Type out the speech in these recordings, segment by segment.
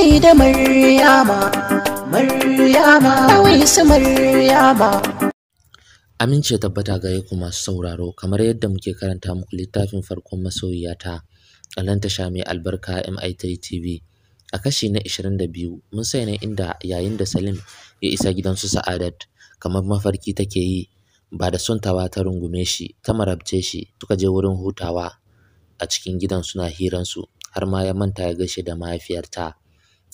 da Maryama, Maryama, su Maryama. Amince tabbata ga yaku masu sauraro kamar yadda muke karanta muku littafin farkon masoyiyata al'anta nan mai albarka MIT TV. A kashi na 22 mun sai ne inda yayin da Salim ya isa gidansu Sa'adat kamar mafarki take yi ba da son tawa ta rungume shi ta marabce shi suka je wurin hutawa a cikin gidan suna hiransu har ma ya manta ya gaishe da mahaifiyarta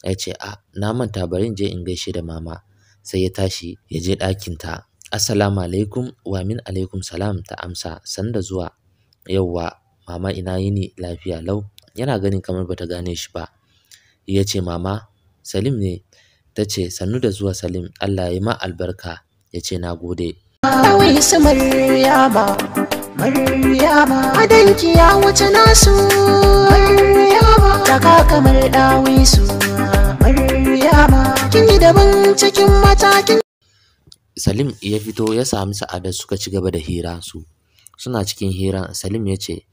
ya ce a na manta bari in je in gaishe da mama. Sai ya tashi ya je ɗakinta. Assalamu alaikum wa min alaikum salam ta amsa sanda zuwa. Yauwa mama ina yini lafiya lau. Yana ganin kamar bata gane shi ba. Ya ce mama Salim ne. Ta ce sannu da zuwa Salim Allah ya ma albarka. Ya ce na gode. kamar dama daban cikin matakin Salim ya fito ya sami Sa'ada suka ci gaba da hira su suna cikin hira Salim ya ce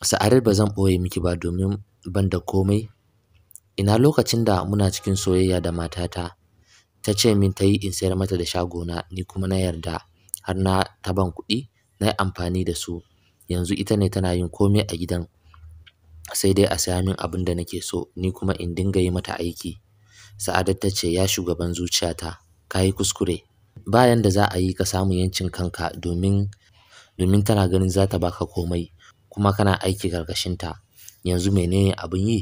Sa'adar ba zan ɓoye miki ba domin ban da komai ina lokacin da muna cikin soyayya da matata ta ce min ta yi in sayar mata da shagona ni kuma na yarda har na taban kuɗi na yi amfani da su yanzu ita ne tana yin komai a gidan sai dai a saya min abin da nake so ni kuma in dinga yi mata aiki Sa'adat ta ce, Ya shugaban zuciyata, ka yi kuskure. Bayan da za a yi ka samu yancin kanka domin domin tana ganin za ta baka komai kuma kana aiki karkashinta. Yanzu menene abin yi?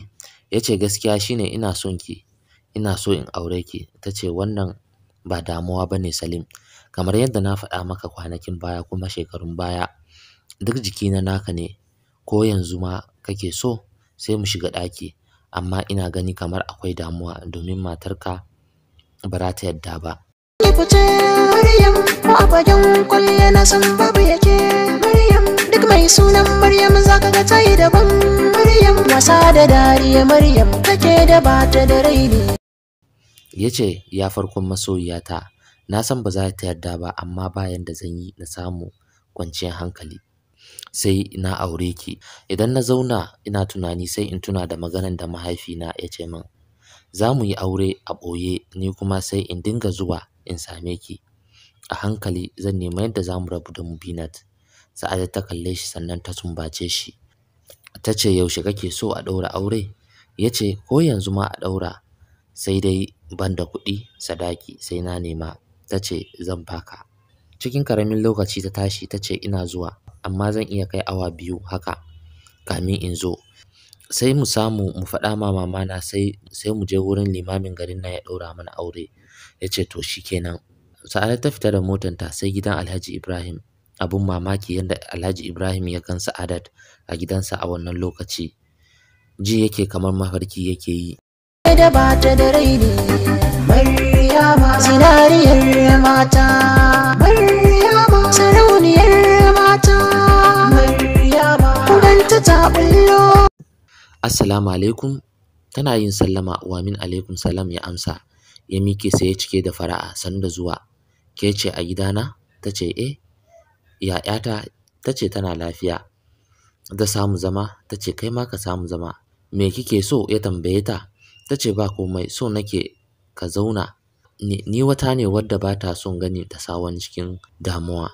Ya ce gaskiya shine ina son ki, ina so in aure ki. Ta ce wannan ba damuwa ba ne Salim. Kamar yadda na faɗa maka kwanakin baya kuma shekarun baya, duk jiki na naka ne, ko yanzu ma kake so sai mu shiga ɗaki. amma ina gani kamar akwai damuwa domin matarka ba za ta yadda ba. ce Maryam a fagen kwalliya na san babu yake Maryam duk mai sunan Maryam zaka ga tayi daban Maryam wasa da dariya Maryam take da bata da raini. Ya ce ya farkon masoyiyata na san ba za ta yarda ba amma bayan da zan yi na samu kwanciyar hankali. sai na aure ki idan na zauna ina tunani sai in tuna da maganan da mahaifina ya ce min za mu yi aure a ɓoye ni kuma sai in dinga zuwa in same ki a hankali zan nemi yadda za mu rabu da mu binat. sa'ada ta kalle shi sannan ta sumbace shi ta ce yaushe kake so a ɗaura aure ya ce ko yanzu ma a ɗaura sai dai ban da kuɗi sadaki sai na nema ta ce zan baka cikin ƙaramin lokaci ta tashi ta ce ina zuwa amma zan iya kai awa biyu haka kamin in zo. Sai mu samu mu faɗa ma mama na sai, sai mu je wurin limamin garin na ya ɗora mana aure. Ya ce to kenan. Sa'adat ta fita da ta sai gidan Alhaji Ibrahim. Abun mamaki yadda Alhaji Ibrahim ya gan Sa'adat a gidansa a wannan lokaci. Ji yake kamar mafarki yake yi. Da bata da rai ne, zinariyar mata. Assalamu alaikum tana yin sallama wa min alaikum salam ya amsa ya mike sai ya cike da fara'a sannu da zuwa ke ce a gidana ta ce eh ya ƴata ta ce tana lafiya da samu zama ta ce kai ma ka samu zama me kike so ya tambaye ta ta ce ba komai so nake ka zauna ni wata ne wadda ba ta son gani ta sawan cikin damuwa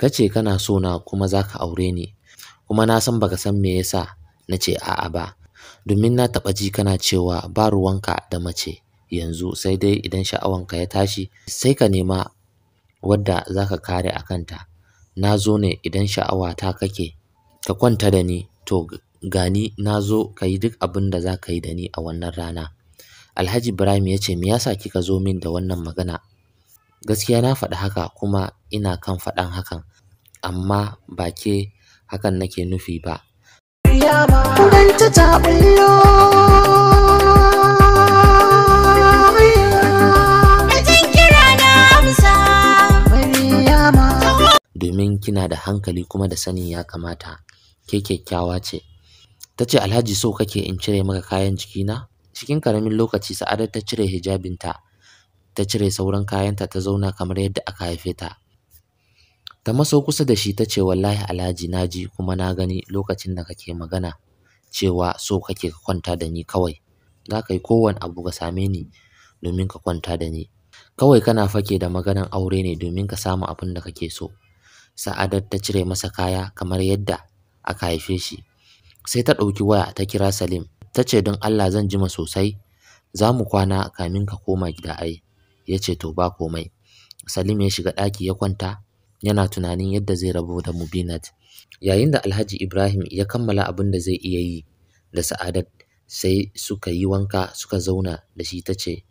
ka ce kana so na kuma za ka aure ni kuma na san baka san me yasa na ce a'a ba domin na taɓa ji kana cewa ba ruwanka da mace yanzu sai dai idan sha'awanka ya tashi sai ka nema wadda za ka kare a kanta na zo ne idan sha'awa ta kake ka kwanta da ni to gani na zo ka yi duk abin da za ka yi da ni a wannan rana alhaji ibrahim ya ce me yasa kika zo min da wannan magana gaskiya na faɗi haka kuma ina kan faɗan hakan amma ba ke hakan nake nufi ba Ganta ta bullo domin kina da hankali kuma da sani ya kamata ke kyakkyawa ce ta ce alhaji so kake in cire maka kayan jikina cikin karamin lokaci sa'adar ta cire hijabinta ta cire sauran kayanta ta zauna kamar yadda aka haife ta ta maso kusa da shi ta ce wallahi alhaji na ji kuma na gani lokacin da kake magana cewa so kake ka kwanta da ni kawai za ka yi kowane abu ka same ni domin ka kwanta da ni kawai kana fake da maganan aure ne domin ka samu abin da kake so sa'adar ta cire masa kaya kamar yadda aka haife shi sai ta ɗauki waya ta kira salim ta ce don allah zan jima sosai za mu kwana kamin ka koma gida ai ya ce to ba komai salim ya shiga ɗaki ya kwanta yana tunanin yadda zai rabu da Mubinat. Yayin da Alhaji Ibrahim ya kammala abin da zai iya yi da Sa'adat sai suka yi wanka suka zauna da shi ta ce,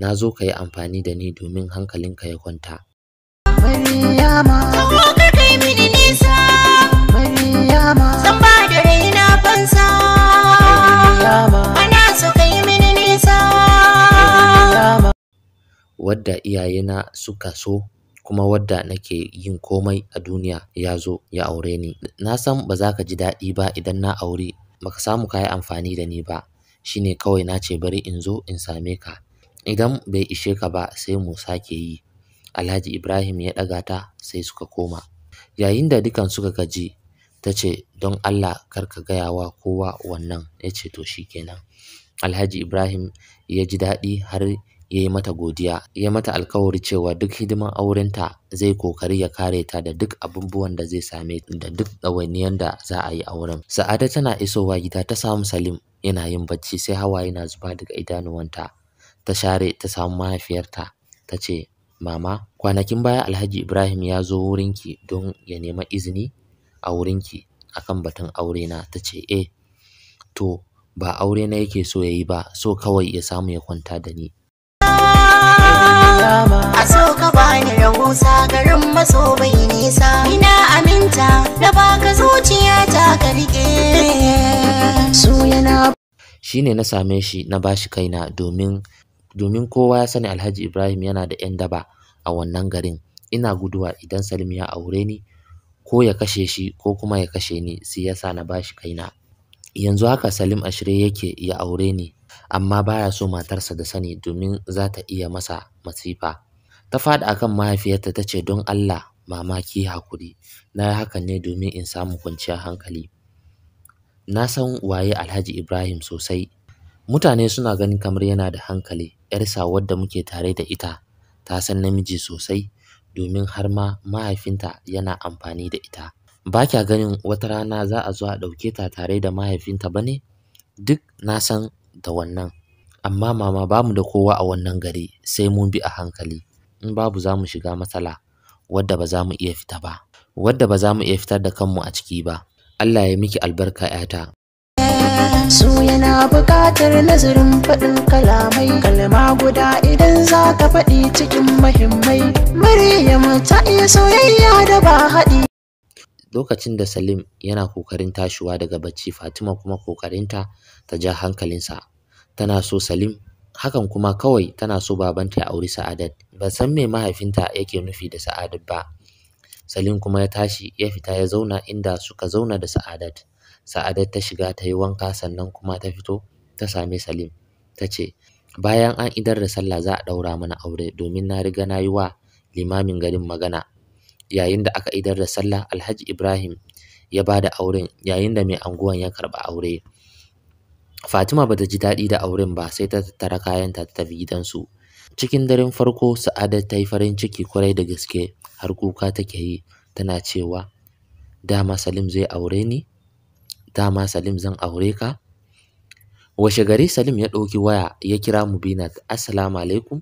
Na zo ka yi amfani da ni domin hankalinka ya kwanta. wadda iyayena suka so kuma wadda nake yin komai a duniya ya zo ya aure ni. Na san ba za ka ji daɗi ba idan na aure ba ka samu ka yi amfani da ni ba. Shi ne kawai na ce bari in zo in same ka. Idan bai ishe ka ba sai mu sake yi. Alhaji Ibrahim ya ɗaga ta sai suka koma. Yayin da dukan suka gaji ta ce don Allah kar ka gaya wa kowa wannan ya ce to shi kenan. Alhaji Ibrahim ya ji daɗi har ya yi mata godiya ya mata alkawari cewa duk hidiman aurenta zai kokari ya kare ta da duk abubuwan da zai same da duk ɗawainiyar da za a yi auren sa'ada tana isowa gida ta samu salim yana yin bacci sai hawa yana zuba daga idanuwanta ta share ta samu mahaifiyarta ta ce mama kwanakin baya alhaji ibrahim ya zo wurinki don ya nema izini a wurinki akan batun aure na ta ce eh to ba aure na yake so ya yi ba so kawai ya samu ya kwanta da ni dama a so ka bani rahusa garin maso bai nisa ina aminta na baka zuciya ta ka rike su yana shine na same shi na bashi kaina domin domin kowa ya sani Alhaji Ibrahim yana da 'yan daba a wannan garin ina guduwa idan Salim ya aure ni ko ya kashe shi ko kuma ya kashe ni sai yasa na bashi kaina yanzu haka Salim a shirye yake ya aure ni amma baya so matarsa da sani domin za ta iya masa masifa. Ta faɗi akan mahaifiyarta ta ce don Allah mamaki hakuri na yi hakan ne domin in samu kwanciyar hankali. Na san waye Alhaji Ibrahim sosai. Mutane suna ganin kamar yana da hankali, ‘yarsa wadda muke tare da ita ta san namiji sosai domin har ma mahaifinta yana amfani da ita. Ba kya ganin wata rana za a zo a ɗauke ta tare da mahaifinta ba ne? Duk na san da wannan. Amma mama bamu da kowa a wannan gari sai mun bi a hankali. In babu za mu shiga matsala wadda ba za mu iya fita ba, wadda ba za mu iya fitar da kanmu a ciki ba. Allah ya miki albarka 'yata. su yana buƙatar nazarin faɗin kalamai kalma guda idan za ka faɗi cikin mahimmai maryam ta iya soyayya da ba haɗi lokacin da salim yana kokarin tashiwa daga bacci fatima kuma kokarinta ta ja hankalinsa tana so Salim hakan kuma kawai tana so babanta ya auri Sa'adat ba san me mahaifinta yake nufi da Sa'adat ba Salim kuma ya tashi ya fita ya zauna inda suka zauna da Sa'adat Sa'adat ta shiga ta yi wanka sannan kuma ta fito ta same Salim ta ce bayan an idar da sallah za a ɗaura mana aure domin na riga na yi wa limamin garin magana yayin da aka idar da sallah Alhaji Ibrahim ya ba da auren yayin da mai anguwan ya karɓa aure Fatima bata ji daɗi da auren ba sai ta tattara kayanta ta tafi gidansu. Cikin daren farko Sa'ada ta yi farin ciki kwarai da gaske har kuka take yi tana cewa dama Salim zai aure ni? Dama Salim zan aure ka? Washe gari Salim ya ɗauki waya ya kira Mubinat Assalamu alaikum.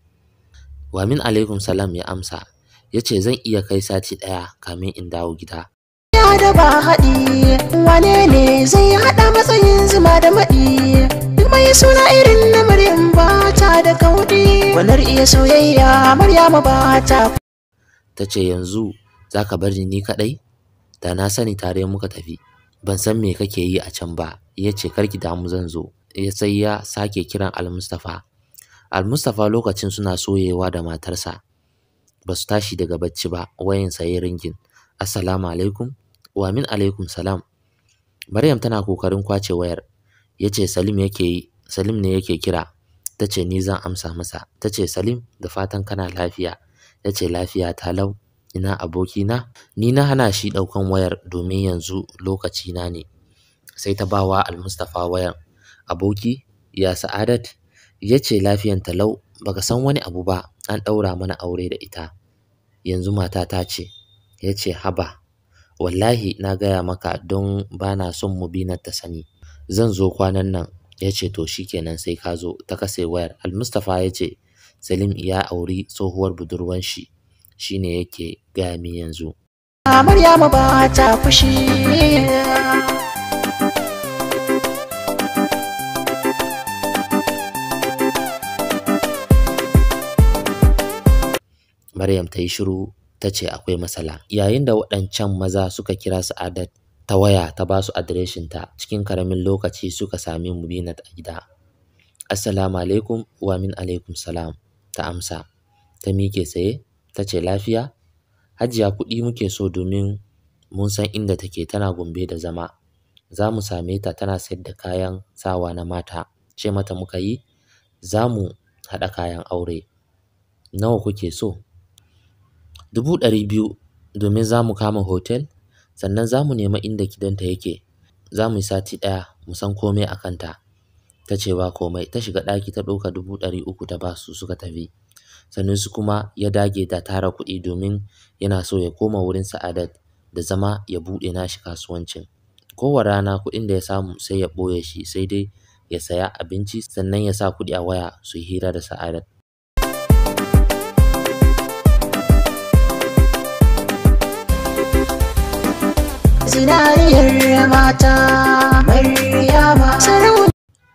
Wa min alaikum salam ya amsa ya ce zan iya kai sati ɗaya kamin in dawo gida. Ya da ba haɗi wane ne zai haɗa matsayin zuma da maɗi. suna irin na maryam ba da kaudi walar iya soyayya maryama ba ta ce yanzu za ka bar ni kaɗai da na sani tare muka tafi ban san me kake yi a can ba ya ce ki damu zan zo ya sai ya sake kiran almustafa almustafa lokacin suna soyewa da matarsa ba su tashi daga bacci ba wayan sayi ringin assalamu alaikum wa min alaikum salam maryam tana kokarin kwace wayar ya ce salim yake yi Salim ne yake kira. Ta ce ni zan amsa masa. Ta ce Salim da fatan kana lafiya. Ya ce lafiya ta lau. Ina abokina? Ni na hana shi ɗaukan wayar domin yanzu lokacina ne. Sai ta bawa wa Almustapha wayar. Aboki, ya Sa'adat? Ya ce lafiyan ta lau. Baka san wani abu ba. An ɗaura mana aure da ita. Yanzu mata ta ce. Ya ce haba. Wallahi na gaya maka don bana na son mu binar ta sani. Zan zo kwanan nan ya ce to kenan sai ka zo ta kase wayar almustafa ya ce salim ya auri tsohuwar budurwan shi ne yake gami min yanzu ta Maryam ta yi shiru ta ce akwai matsala yayin da waɗancan maza suka kira Sa'adat ta waya ta ba su adireshinta cikin karamin lokaci suka sami Mubinat a gida. Assalamu alaikum wa min alaikum salam ta amsa. Ta miƙe saye, ta ce lafiya? Hajiya kuɗi muke so domin mun san inda take tana gombe da zama. Za mu same ta tana sayar da kayan sawa na mata. Ce mata muka yi za mu haɗa kayan aure. Nawa kuke so? Dubu ɗari biyu domin za mu kama hotel Sannan za mu nema inda gidanta yake. Za mu yi sati ɗaya mu san komai a kanta. Ta cewa komai. Ta shiga ɗaki ta ɗauka dubu ɗari uku ta ba su suka tafi. sannan su kuma ya dage da tara kuɗi domin yana so ya koma wurin Sa'adat da zama ya buɗe nashi kasuwancin. Kowa rana kuɗin da ya samu sai ya ɓoye shi sai dai ya saya abinci sannan ya sa kuɗi a waya su hira da Sa'adat.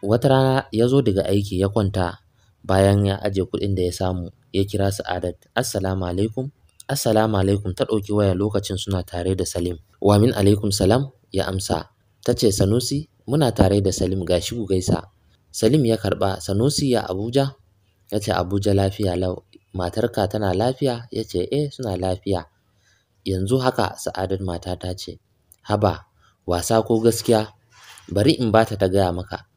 wata rana ya zo daga aiki ya kwanta bayan ya aje kuɗin da ya samu ya kira sa'adat assalamu alaikum assalamu alaikum ta ɗauki waya lokacin suna tare da salim wamin alaikum salam ya amsa ta ce sanusi muna tare da salim ga shigu gaisa salim ya karɓa sanusi ya abuja ya ce abuja lafiya lau matarka tana lafiya ya ce eh suna lafiya yanzu haka sa'adat ta ce haba wasa ko gaskiya bari in bata ta gaya maka.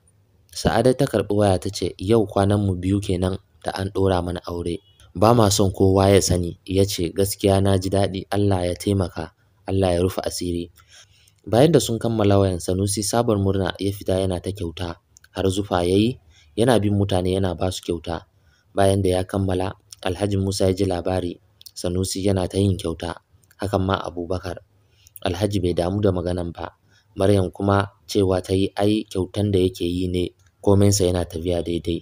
Sa'ada ta karɓi waya ta ce yau kwanan mu biyu kenan da an ɗora mana aure. Ba ma son kowa ya sani ya ce gaskiya na ji daɗi Allah ya taimaka Allah ya rufe asiri. Bayan da sun kammala wayan Sanusi sabon murna ya fita yana ta kyauta har zufa ya yi yana bin mutane yana ba su kyauta. Bayan da ya kammala Alhaji Musa ya ji labari Sanusi yana ta yin kyauta hakan ma Abubakar. Alhaji bai damu da maganan ba. Maryam kuma cewa ta yi ai kyautan da yake yi ne komai sa yana tafiya daidai.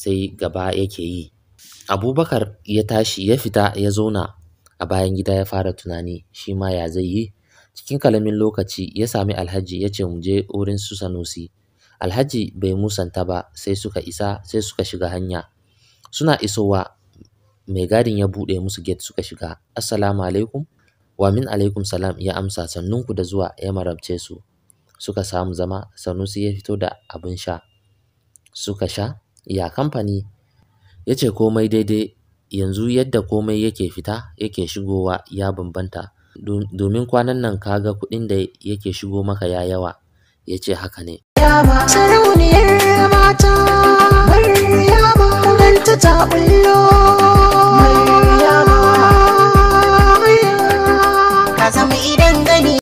sai gaba yake yi. Abubakar ya tashi ya fita ya zauna a bayan gida ya fara tunani shi ma ya zai yi Cikin kalamin lokaci ya sami Alhaji ya ce mu je wurin su Sanusi. Alhaji bai musanta ba sai suka isa sai suka shiga hanya. Suna isowa mai gadin ya buɗe musu gate suka shiga. Assalamu alaikum. Wa min alaikum salam ya amsa sannunku da zuwa ya marabce su. Suka samu zama Sanusi ya fito da abin sha. Suka sha ya kamfani ya ce komai daidai yanzu yadda komai yake fita yake shigowa ya bambanta domin kwanan nan ka ga kuɗin da yake shigo maka ya yawa ya ce haka ne. mata, idan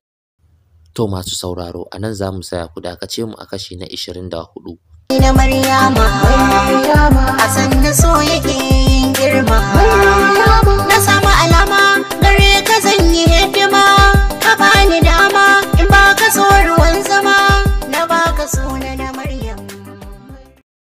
To masu sauraro, a nan za mu saya ku dakace mu a kashi na 24. Na Maryama, Maryama, a sanda so yake girma, na sama alama yi hidima ka bani dama in ba ka so ruwa